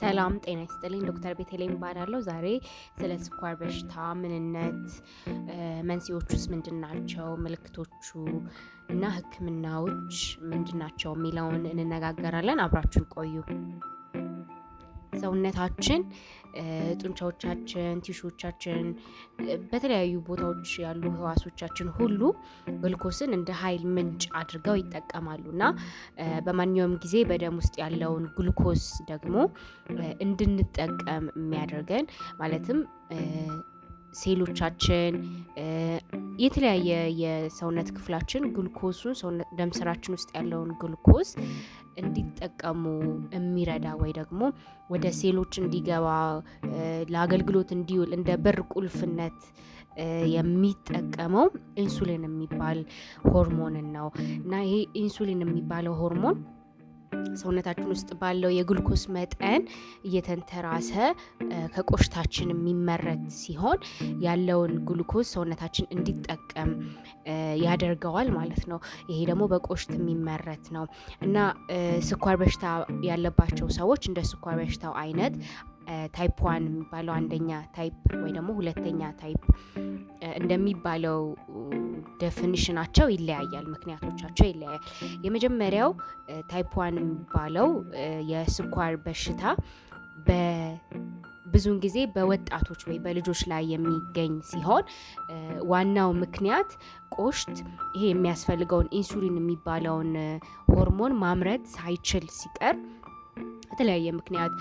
ሰላም ጤና ይስጥልኝ። ዶክተር ቤተልሔም እባላለሁ። ዛሬ ስለ ስኳር በሽታ ምንነት፣ መንስኤዎቹስ ምንድን ናቸው፣ ምልክቶቹ እና ሕክምናዎች ምንድን ናቸው የሚለውን እንነጋገራለን። አብራችሁ ቆዩ። ሰውነታችን ጡንቻዎቻችን፣ ቲሾቻችን፣ በተለያዩ ቦታዎች ያሉ ህዋሶቻችን ሁሉ ግልኮስን እንደ ኃይል ምንጭ አድርገው ይጠቀማሉ እና በማንኛውም ጊዜ በደም ውስጥ ያለውን ግልኮስ ደግሞ እንድንጠቀም የሚያደርገን ማለትም ሴሎቻችን የተለያየ የሰውነት ክፍላችን ግልኮሱን ደም ስራችን ውስጥ ያለውን ግልኮስ እንዲጠቀሙ የሚረዳ ወይ ደግሞ ወደ ሴሎች እንዲገባ ለአገልግሎት እንዲውል እንደ በር ቁልፍነት የሚጠቀመው ኢንሱሊን የሚባል ሆርሞንን ነው እና ይሄ ኢንሱሊን የሚባለው ሆርሞን ሰውነታችን ውስጥ ባለው የግልኮስ መጠን እየተንተራሰ ከቆሽታችን የሚመረት ሲሆን ያለውን ግልኮስ ሰውነታችን እንዲጠቀም ያደርገዋል ማለት ነው። ይሄ ደግሞ በቆሽት የሚመረት ነው እና ስኳር በሽታ ያለባቸው ሰዎች እንደ ስኳር በሽታው አይነት ታይፕ ዋን የሚባለው አንደኛ ታይፕ ወይ ደግሞ ሁለተኛ ታይፕ እንደሚባለው ደፊኒሽናቸው ይለያያል፣ ምክንያቶቻቸው ይለያያል። የመጀመሪያው ታይፕ ዋን የሚባለው የስኳር በሽታ ብዙውን ጊዜ በወጣቶች ወይ በልጆች ላይ የሚገኝ ሲሆን ዋናው ምክንያት ቆሽት ይሄ የሚያስፈልገውን ኢንሱሊን የሚባለውን ሆርሞን ማምረት ሳይችል ሲቀር በተለያየ ምክንያት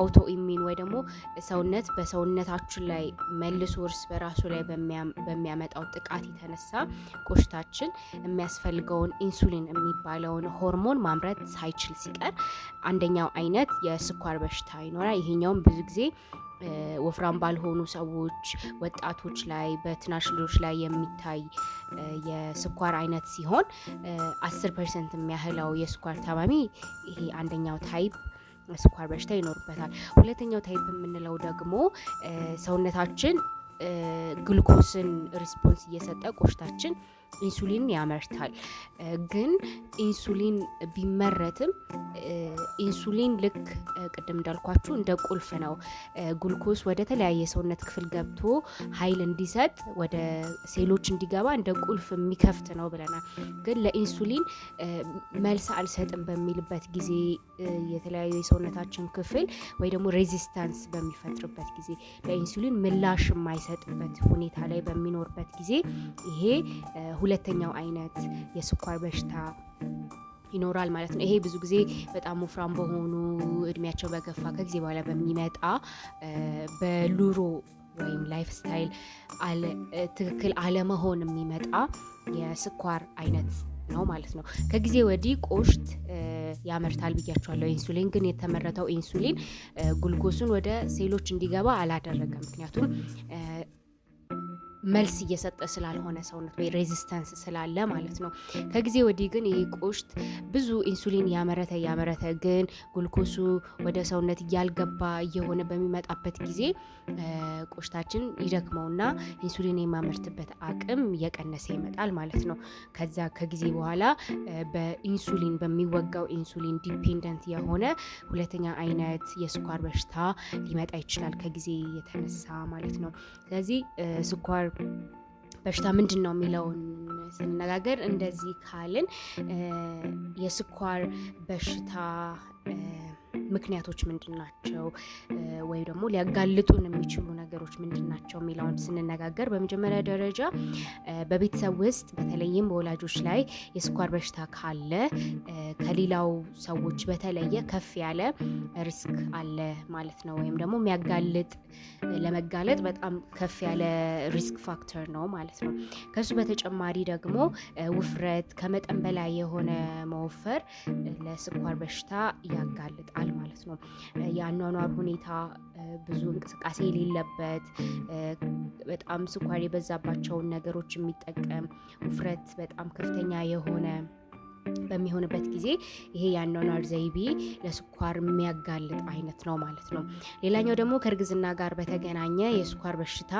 አውቶ ኢሚን ወይ ደግሞ ሰውነት በሰውነታችን ላይ መልሶ እርስ በራሱ ላይ በሚያመጣው ጥቃት የተነሳ ቆሽታችን የሚያስፈልገውን ኢንሱሊን የሚባለውን ሆርሞን ማምረት ሳይችል ሲቀር አንደኛው አይነት የስኳር በሽታ ይኖራል። ይሄኛውም ብዙ ጊዜ ወፍራም ባልሆኑ ሰዎች፣ ወጣቶች ላይ በትናሽ ልጆች ላይ የሚታይ የስኳር አይነት ሲሆን አስር ፐርሰንት የሚያህለው የስኳር ታማሚ ይሄ አንደኛው ታይፕ ስኳር በሽታ ይኖርበታል። ሁለተኛው ታይፕ የምንለው ደግሞ ሰውነታችን ግሉኮስን ሪስፖንስ እየሰጠ ቆሽታችን ኢንሱሊን ያመርታል። ግን ኢንሱሊን ቢመረትም ኢንሱሊን ልክ ቅድም እንዳልኳችሁ እንደ ቁልፍ ነው። ጉልኮስ ወደ ተለያየ የሰውነት ክፍል ገብቶ ኃይል እንዲሰጥ ወደ ሴሎች እንዲገባ እንደ ቁልፍ የሚከፍት ነው ብለናል። ግን ለኢንሱሊን መልስ አልሰጥም በሚልበት ጊዜ የተለያዩ የሰውነታችን ክፍል ወይ ደግሞ ሬዚስታንስ በሚፈጥርበት ጊዜ ለኢንሱሊን ምላሽ የማይሰጥበት ሁኔታ ላይ በሚኖርበት ጊዜ ይሄ ሁለተኛው አይነት የስኳር በሽታ ይኖራል ማለት ነው። ይሄ ብዙ ጊዜ በጣም ወፍራም በሆኑ እድሜያቸው በገፋ ከጊዜ በኋላ በሚመጣ በኑሮ ወይም ላይፍ ስታይል ትክክል አለመሆን የሚመጣ የስኳር አይነት ነው ማለት ነው። ከጊዜ ወዲህ ቆሽት ያመርታል ብያቸዋለሁ። ኢንሱሊን ግን የተመረተው ኢንሱሊን ጉልጎሱን ወደ ሴሎች እንዲገባ አላደረገም። ምክንያቱም መልስ እየሰጠ ስላልሆነ ሰውነት ወይ ሬዚስተንስ ስላለ ማለት ነው። ከጊዜ ወዲህ ግን ይህ ቆሽት ብዙ ኢንሱሊን ያመረተ ያመረተ ግን ጉልኮሱ ወደ ሰውነት እያልገባ እየሆነ በሚመጣበት ጊዜ ቆሽታችን ይደክመውና ኢንሱሊን የማመርትበት አቅም እየቀነሰ ይመጣል ማለት ነው። ከዛ ከጊዜ በኋላ በኢንሱሊን በሚወጋው ኢንሱሊን ዲፔንደንት የሆነ ሁለተኛ አይነት የስኳር በሽታ ሊመጣ ይችላል ከጊዜ የተነሳ ማለት ነው። ስለዚህ ስኳር በሽታ ምንድን ነው የሚለውን ስንነጋገር እንደዚህ ካልን የስኳር በሽታ ምክንያቶች ምንድን ናቸው ወይም ደግሞ ሊያጋልጡን የሚችሉ ነገሮች ምንድን ናቸው የሚለውን ስንነጋገር በመጀመሪያ ደረጃ በቤተሰብ ውስጥ በተለይም በወላጆች ላይ የስኳር በሽታ ካለ ከሌላው ሰዎች በተለየ ከፍ ያለ ሪስክ አለ ማለት ነው። ወይም ደግሞ የሚያጋልጥ ለመጋለጥ በጣም ከፍ ያለ ሪስክ ፋክተር ነው ማለት ነው። ከሱ በተጨማሪ ደግሞ ውፍረት፣ ከመጠን በላይ የሆነ መወፈር ለስኳር በሽታ ያጋልጣል ይችላል ማለት ነው። የአኗኗር ሁኔታ ብዙ እንቅስቃሴ የሌለበት በጣም ስኳር የበዛባቸውን ነገሮች የሚጠቀም ውፍረት በጣም ከፍተኛ የሆነ በሚሆንበት ጊዜ ይሄ የአኗኗር ዘይቤ ለስኳር የሚያጋልጥ አይነት ነው ማለት ነው። ሌላኛው ደግሞ ከእርግዝና ጋር በተገናኘ የስኳር በሽታ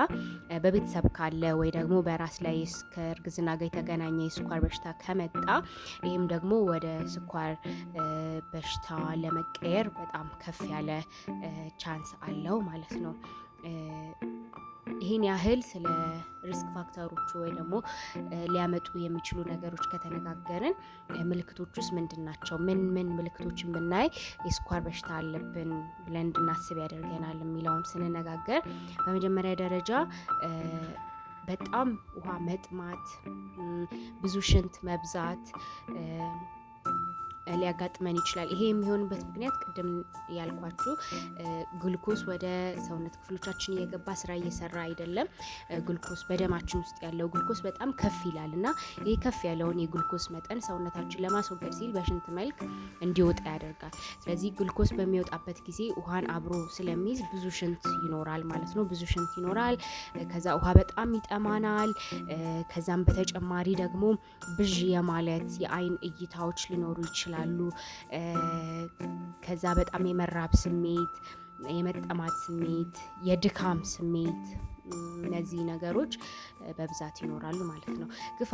በቤተሰብ ካለ ወይ ደግሞ በራስ ላይ ከእርግዝና ጋር የተገናኘ የስኳር በሽታ ከመጣ ይህም ደግሞ ወደ ስኳር በሽታ ለመቀየር በጣም ከፍ ያለ ቻንስ አለው ማለት ነው። ይህን ያህል ስለ ሪስክ ፋክተሮቹ ወይ ደግሞ ሊያመጡ የሚችሉ ነገሮች ከተነጋገርን ምልክቶች ውስጥ ምንድን ናቸው? ምን ምን ምልክቶችን ብናይ የስኳር በሽታ አለብን ብለን እንድናስብ ያደርገናል የሚለውን ስንነጋገር በመጀመሪያ ደረጃ በጣም ውሃ መጥማት፣ ብዙ ሽንት መብዛት ሊያጋጥመን ይችላል። ይሄ የሚሆንበት ምክንያት ቅድም ያልኳችሁ ግልኮስ ወደ ሰውነት ክፍሎቻችን እየገባ ስራ እየሰራ አይደለም። ግልኮስ በደማችን ውስጥ ያለው ግልኮስ በጣም ከፍ ይላል እና ይህ ከፍ ያለውን የግልኮስ መጠን ሰውነታችን ለማስወገድ ሲል በሽንት መልክ እንዲወጣ ያደርጋል። ስለዚህ ግልኮስ በሚወጣበት ጊዜ ውሃን አብሮ ስለሚይዝ ብዙ ሽንት ይኖራል ማለት ነው። ብዙ ሽንት ይኖራል። ከዛ ውሃ በጣም ይጠማናል። ከዛም በተጨማሪ ደግሞ ብዥ የማለት የአይን እይታዎች ሊኖሩ ይችላሉ። ከዛ ከዛ በጣም የመራብ ስሜት፣ የመጠማት ስሜት፣ የድካም ስሜት እነዚህ ነገሮች በብዛት ይኖራሉ ማለት ነው። ግፋ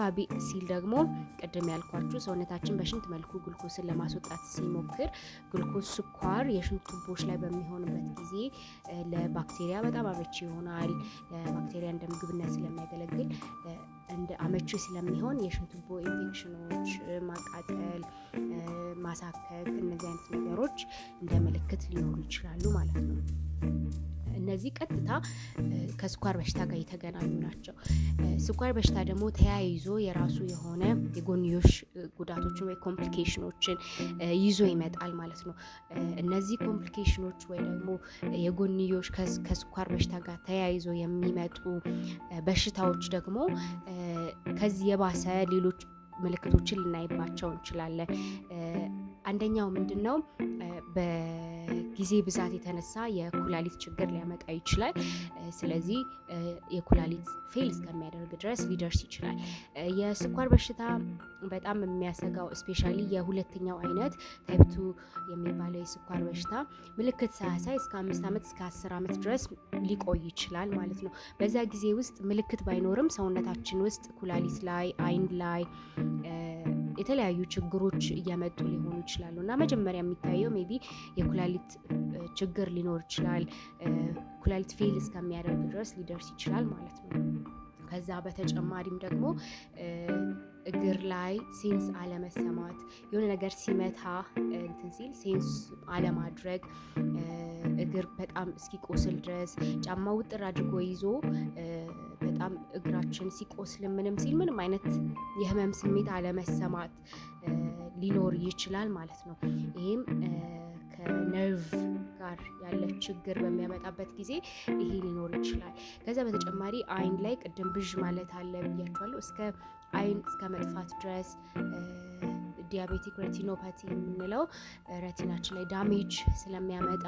ሲል ደግሞ ቅድም ያልኳችሁ ሰውነታችን በሽንት መልኩ ግልኮስን ለማስወጣት ሲሞክር ግልኮስ ስኳር የሽንት ቱቦች ላይ በሚሆንበት ጊዜ ለባክቴሪያ በጣም አመቺ ይሆናል። ባክቴሪያ እንደ ምግብነት ስለሚያገለግል እንደ አመቺ ስለሚሆን የሽንቱቦ ኢንፌክሽኖች፣ ማቃጠል፣ ማሳከክ እነዚህ አይነት ነገሮች እንደ ምልክት ሊኖሩ ይችላሉ ማለት ነው። እነዚህ ቀጥታ ከስኳር በሽታ ጋር የተገናኙ ናቸው። ስኳር በሽታ ደግሞ ተያይዞ የራሱ የሆነ የጎንዮሽ ጉዳቶችን ወይ ኮምፕሊኬሽኖችን ይዞ ይመጣል ማለት ነው። እነዚህ ኮምፕሊኬሽኖች ወይ ደግሞ የጎንዮሽ ከስኳር በሽታ ጋር ተያይዞ የሚመጡ በሽታዎች ደግሞ ከዚህ የባሰ ሌሎች ምልክቶችን ልናይባቸው እንችላለን። አንደኛው ምንድን ነው? ጊዜ ብዛት የተነሳ የኩላሊት ችግር ሊያመጣ ይችላል። ስለዚህ የኩላሊት ፌል እስከሚያደርግ ድረስ ሊደርስ ይችላል። የስኳር በሽታ በጣም የሚያሰጋው እስፔሻሊ የሁለተኛው አይነት ታይፕቱ የሚባለው የስኳር በሽታ ምልክት ሳያሳይ እስከ አምስት ዓመት እስከ አስር ዓመት ድረስ ሊቆይ ይችላል ማለት ነው። በዛ ጊዜ ውስጥ ምልክት ባይኖርም ሰውነታችን ውስጥ ኩላሊት ላይ አይን ላይ የተለያዩ ችግሮች እያመጡ ሊሆኑ ይችላሉ እና መጀመሪያ የሚታየው ሜቢ የኩላሊት ችግር ሊኖር ይችላል። ኩላሊት ፌል እስከሚያደርግ ድረስ ሊደርስ ይችላል ማለት ነው። ከዛ በተጨማሪም ደግሞ እግር ላይ ሴንስ አለመሰማት፣ የሆነ ነገር ሲመታ እንትን ሲል ሴንስ አለማድረግ፣ እግር በጣም እስኪቆስል ድረስ ጫማ ውጥር አድርጎ ይዞ በጣም እግራችን ሲቆስል ምንም ሲል ምንም አይነት የህመም ስሜት አለመሰማት ሊኖር ይችላል ማለት ነው። ይህም ከነርቭ ጋር ያለ ችግር በሚያመጣበት ጊዜ ይሄ ሊኖር ይችላል። ከዛ በተጨማሪ አይን ላይ ቅድም ብዥ ማለት አለ ብያቸዋለሁ። እስከ አይን እስከ መጥፋት ድረስ ዲያቤቲክ ሬቲኖፓቲ የምንለው ረቲናችን ላይ ዳሜጅ ስለሚያመጣ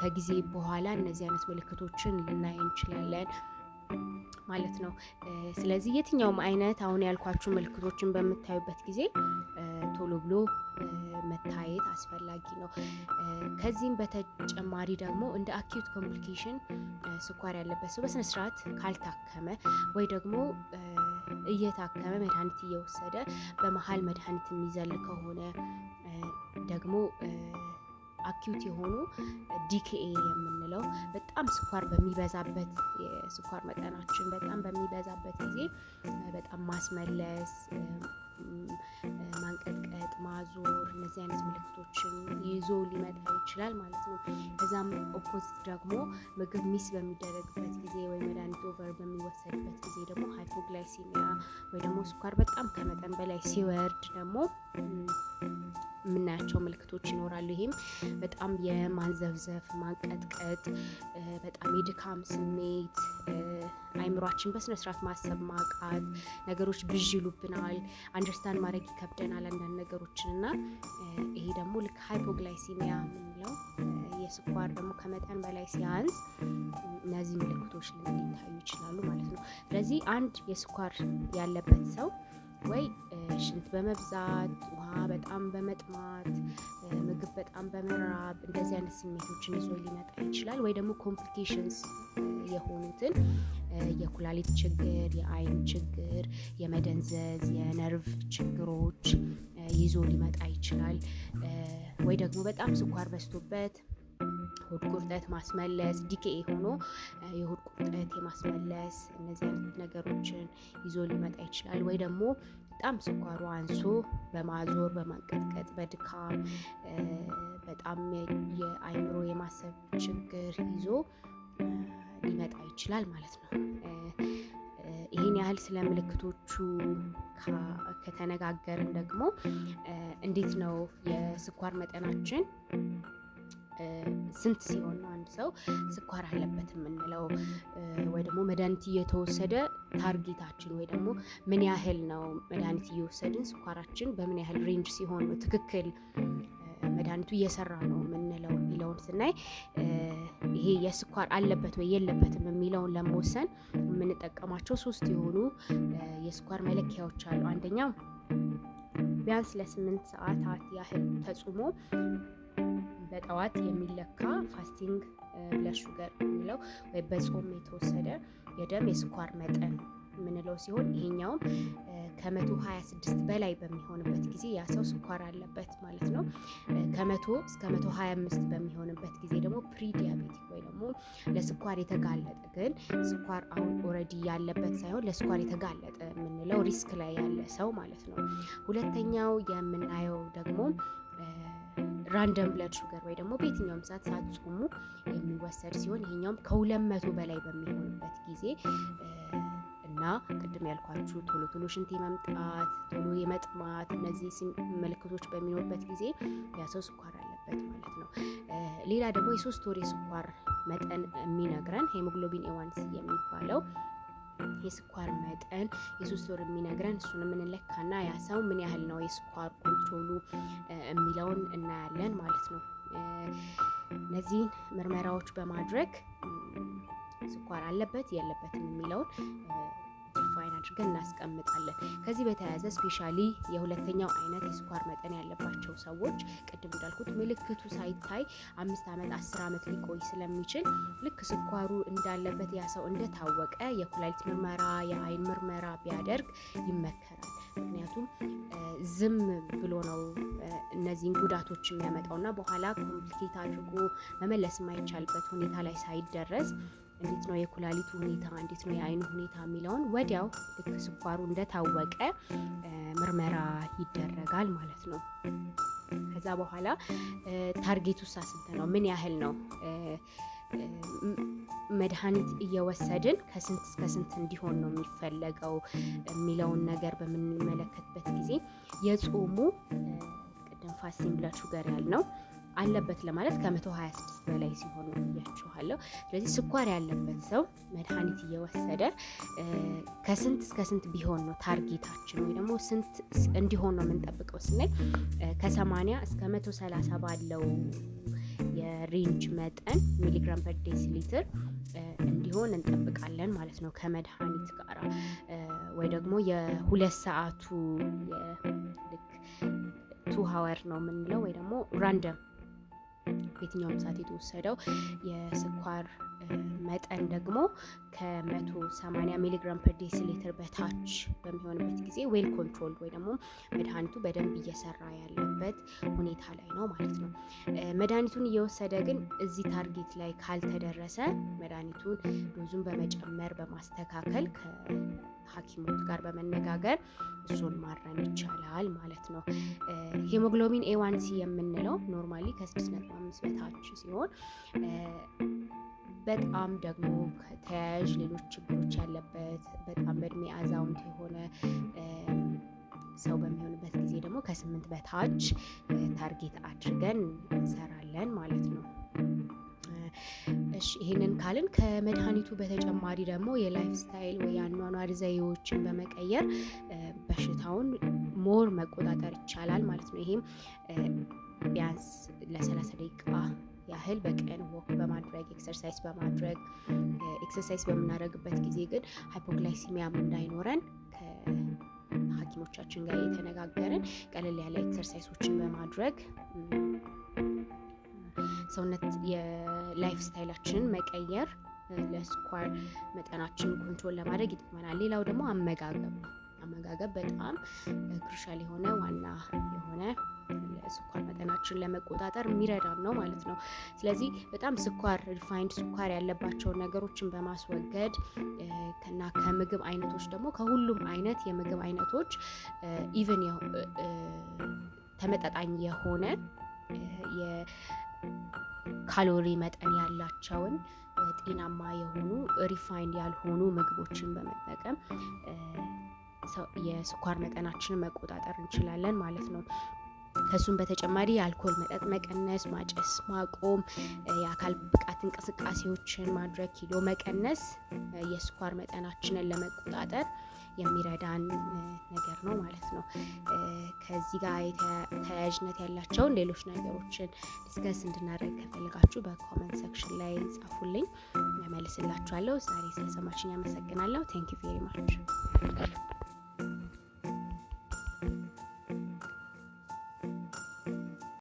ከጊዜ በኋላ እነዚህ አይነት ምልክቶችን ልናይ እንችላለን። ማለት ነው። ስለዚህ የትኛውም አይነት አሁን ያልኳችሁ ምልክቶችን በምታዩበት ጊዜ ቶሎ ብሎ መታየት አስፈላጊ ነው። ከዚህም በተጨማሪ ደግሞ እንደ አኪዩት ኮምፕሊኬሽን ስኳር ያለበት ሰው በስነስርዓት ካልታከመ ወይ ደግሞ እየታከመ መድኃኒት እየወሰደ በመሀል መድኃኒት የሚዘል ከሆነ ደግሞ አኪዩት የሆኑ ዲኬኤ የምንለው በጣም ስኳር በሚበዛበት የስኳር መጠናችን በጣም በሚበዛበት ጊዜ በጣም ማስመለስ፣ ማንቀጥቀጥ፣ ማዞር እነዚህ አይነት ምልክቶችን ይዞ ሊመጣ ይችላል ማለት ነው። ከዛም ኦፖዚት ደግሞ ምግብ ሚስ በሚደረግበት ጊዜ ወይ መድኃኒት ኦቨር በሚወሰድበት ጊዜ ደግሞ ሃይፖግላይሲሚያ ወይ ደግሞ ስኳር በጣም ከመጠን በላይ ሲወርድ ደግሞ የምናያቸው ምልክቶች ይኖራሉ። ይሄም በጣም የማንዘፍዘፍ ማንቀጥቀጥ፣ በጣም የድካም ስሜት፣ አይምሯችን በስነስርዓት ማሰብ ማቃት፣ ነገሮች ብዥ ይሉብናል፣ አንደርስታንድ ማድረግ ይከብደናል አንዳንድ ነገሮችን እና ይሄ ደግሞ ልክ ሃይፖግላይሲሚያ የምንለው የስኳር ደግሞ ከመጠን በላይ ሲያንስ እነዚህ ምልክቶች ሊታዩ ይችላሉ ማለት ነው። ስለዚህ አንድ የስኳር ያለበት ሰው ወይ ሽንት በመብዛት ውሃ በጣም በመጥማት ምግብ በጣም በመራብ እንደዚህ አይነት ስሜቶችን ይዞ ሊመጣ ይችላል። ወይ ደግሞ ኮምፕሊኬሽንስ የሆኑትን የኩላሊት ችግር፣ የአይን ችግር፣ የመደንዘዝ፣ የነርቭ ችግሮች ይዞ ሊመጣ ይችላል። ወይ ደግሞ በጣም ስኳር በዝቶበት ሆድ ቁርጠት ማስመለስ ዲኬ ሆኖ የሆድ ቁርጠት የማስመለስ እነዚህ አይነት ነገሮችን ይዞ ሊመጣ ይችላል ወይ ደግሞ በጣም ስኳሩ አንሶ በማዞር በማንቀጥቀጥ በድካም በጣም የአይምሮ የማሰብ ችግር ይዞ ሊመጣ ይችላል ማለት ነው። ይህን ያህል ስለ ምልክቶቹ ከተነጋገርን ደግሞ እንዴት ነው የስኳር መጠናችን ስንት ሲሆን ነው አንድ ሰው ስኳር አለበት የምንለው ወይ ደግሞ መድኃኒት እየተወሰደ ታርጌታችን ወይ ደግሞ ምን ያህል ነው መድኃኒት እየወሰድን ስኳራችን በምን ያህል ሬንጅ ሲሆን ነው ትክክል መድኃኒቱ እየሰራ ነው የምንለው የሚለውን ስናይ ይሄ የስኳር አለበት ወይ የለበትም የሚለውን ለመወሰን የምንጠቀማቸው ሶስት የሆኑ የስኳር መለኪያዎች አሉ። አንደኛው ቢያንስ ለስምንት ሰዓታት ያህል ተጽሞ በጠዋት የሚለካ ፋስቲንግ ብለድ ሹገር የምንለው ወይም በጾም የተወሰደ የደም የስኳር መጠን የምንለው ሲሆን ይሄኛውም ከመቶ ሀያ በላይ በሚሆንበት ጊዜ ያ ሰው ስኳር አለበት ማለት ነው። ከመቶ እስከ መቶ በሚሆንበት ጊዜ ደግሞ ፕሪዲያቤቲክ ወይ ደግሞ ለስኳር የተጋለጠ ግን ስኳር አሁን ኦልሬዲ ያለበት ሳይሆን ለስኳር የተጋለጠ የምንለው ሪስክ ላይ ያለ ሰው ማለት ነው። ሁለተኛው የምናየው ደግሞ ራንደም ብለድ ሹገር ወይ ደግሞ በየትኛውም ሰዓት ሳትጾሙ የሚወሰድ ሲሆን ይሄኛውም ከሁለት መቶ በላይ በሚሆንበት ጊዜ እና ቅድም ያልኳችሁ ቶሎ ቶሎ ሽንት የመምጣት ቶሎ የመጥማት እነዚህ ምልክቶች በሚኖርበት ጊዜ ያ ሰው ስኳር አለበት ማለት ነው። ሌላ ደግሞ የሶስት ወር የስኳር መጠን የሚነግረን ሄሞግሎቢን ኤዋንስ የሚባለው የስኳር መጠን የሶስት ወር የሚነግረን እሱን የምንለካና ያ ሰው ምን ያህል ነው የስኳሩ ሆኑ የሚለውን እናያለን ማለት ነው። እነዚህን ምርመራዎች በማድረግ ስኳር አለበት የለበትም የሚለውን ዲፋይን አድርገን እናስቀምጣለን። ከዚህ በተያያዘ ስፔሻሊ የሁለተኛው አይነት የስኳር መጠን ያለባቸው ሰዎች ቅድም እንዳልኩት ምልክቱ ሳይታይ አምስት ዓመት አስር ዓመት ሊቆይ ስለሚችል ልክ ስኳሩ እንዳለበት ያ ሰው እንደታወቀ የኩላሊት ምርመራ፣ የአይን ምርመራ ቢያደርግ ይመከራል። ምክንያቱም ዝም ብሎ ነው እነዚህን ጉዳቶች የሚያመጣው ና በኋላ ኮምፕሊኬት አድርጎ መመለስ የማይቻልበት ሁኔታ ላይ ሳይደረስ እንዴት ነው የኩላሊቱ ሁኔታ፣ እንዴት ነው የአይኑ ሁኔታ የሚለውን ወዲያው ልክ ስኳሩ እንደታወቀ ምርመራ ይደረጋል ማለት ነው። ከዛ በኋላ ታርጌቱ ሳስንት ነው ምን ያህል ነው መድኃኒት እየወሰድን ከስንት እስከ ስንት እንዲሆን ነው የሚፈለገው የሚለውን ነገር በምንመለከትበት ጊዜ የጾሙ ቅድም ፋስቲንግ ብላድ ሹገር ያልነው አለበት ለማለት ከ126 በላይ ሲሆን ብያችኋለሁ። ስለዚህ ስኳር ያለበት ሰው መድኃኒት እየወሰደ ከስንት እስከ ስንት ቢሆን ነው ታርጌታችን ወይ ደግሞ ስንት እንዲሆን ነው የምንጠብቀው ስናይ ከ80 እስከ 130 ባለው የሬንጅ መጠን ሚሊግራም ፐር ዴሲሊትር እንዲሆን እንጠብቃለን ማለት ነው ከመድኃኒት ጋር ወይ ደግሞ የሁለት ሰዓቱ ቱ ሀወር ነው የምንለው ወይ ደግሞ ራንደም በየትኛውም ሰዓት የተወሰደው የስኳር መጠን ደግሞ ከ180 ሚሊግራም ፐር ዴሲሊትር በታች በሚሆንበት ጊዜ ዌል ኮንትሮል ወይ ደግሞ መድኃኒቱ በደንብ እየሰራ ያለበት ሁኔታ ላይ ነው ማለት ነው። መድኃኒቱን እየወሰደ ግን እዚህ ታርጌት ላይ ካልተደረሰ መድኃኒቱን ዶዙን በመጨመር በማስተካከል ከሐኪሞች ጋር በመነጋገር እሱን ማረም ይቻላል ማለት ነው። ሄሞግሎቢን ኤዋንሲ የምንለው ኖርማሊ ከ6.5 በታች ሲሆን በጣም ደግሞ ተያያዥ ሌሎች ችግሮች ያለበት በጣም በእድሜ አዛውንት የሆነ ሰው በሚሆንበት ጊዜ ደግሞ ከስምንት በታች ታርጌት አድርገን እንሰራለን ማለት ነው። እሺ ይህንን ካልን ከመድኃኒቱ በተጨማሪ ደግሞ የላይፍ ስታይል ወይ የአኗኗር ዘይቤዎችን በመቀየር በሽታውን ሞር መቆጣጠር ይቻላል ማለት ነው። ይሄም ያህል በቀን ወክ በማድረግ ኤክሰርሳይዝ በማድረግ ኤክሰርሳይዝ በምናደርግበት ጊዜ ግን ሃይፖግላይሲሚያም እንዳይኖረን ከሐኪሞቻችን ጋር የተነጋገርን ቀለል ያለ ኤክሰርሳይሶችን በማድረግ ሰውነት የላይፍ ስታይላችንን መቀየር ለስኳር መጠናችን ኮንትሮል ለማድረግ ይጠቅመናል። ሌላው ደግሞ አመጋገብ አመጋገብ በጣም ክሩሻል የሆነ ዋና የሆነ ስኳር መጠናችን ለመቆጣጠር የሚረዳን ነው ማለት ነው። ስለዚህ በጣም ስኳር ሪፋይንድ ስኳር ያለባቸውን ነገሮችን በማስወገድ እና ከምግብ አይነቶች ደግሞ ከሁሉም አይነት የምግብ አይነቶች ኢቨን ተመጣጣኝ የሆነ የካሎሪ መጠን ያላቸውን ጤናማ የሆኑ ሪፋይንድ ያልሆኑ ምግቦችን በመጠቀም የስኳር መጠናችንን መቆጣጠር እንችላለን ማለት ነው። ከሱም በተጨማሪ የአልኮል መጠጥ መቀነስ፣ ማጨስ ማቆም፣ የአካል ብቃት እንቅስቃሴዎችን ማድረግ፣ ኪሎ መቀነስ የስኳር መጠናችንን ለመቆጣጠር የሚረዳን ነገር ነው ማለት ነው። ከዚህ ጋር ተያያዥነት ያላቸውን ሌሎች ነገሮችን ዲስከስ እንድናደርግ ከፈልጋችሁ በኮመንት ሰክሽን ላይ ጻፉልኝ፣ መልስላችኋለሁ። ዛሬ ስለሰማችን ያመሰግናለሁ። ቴንክ ዩ ቬሪ ማች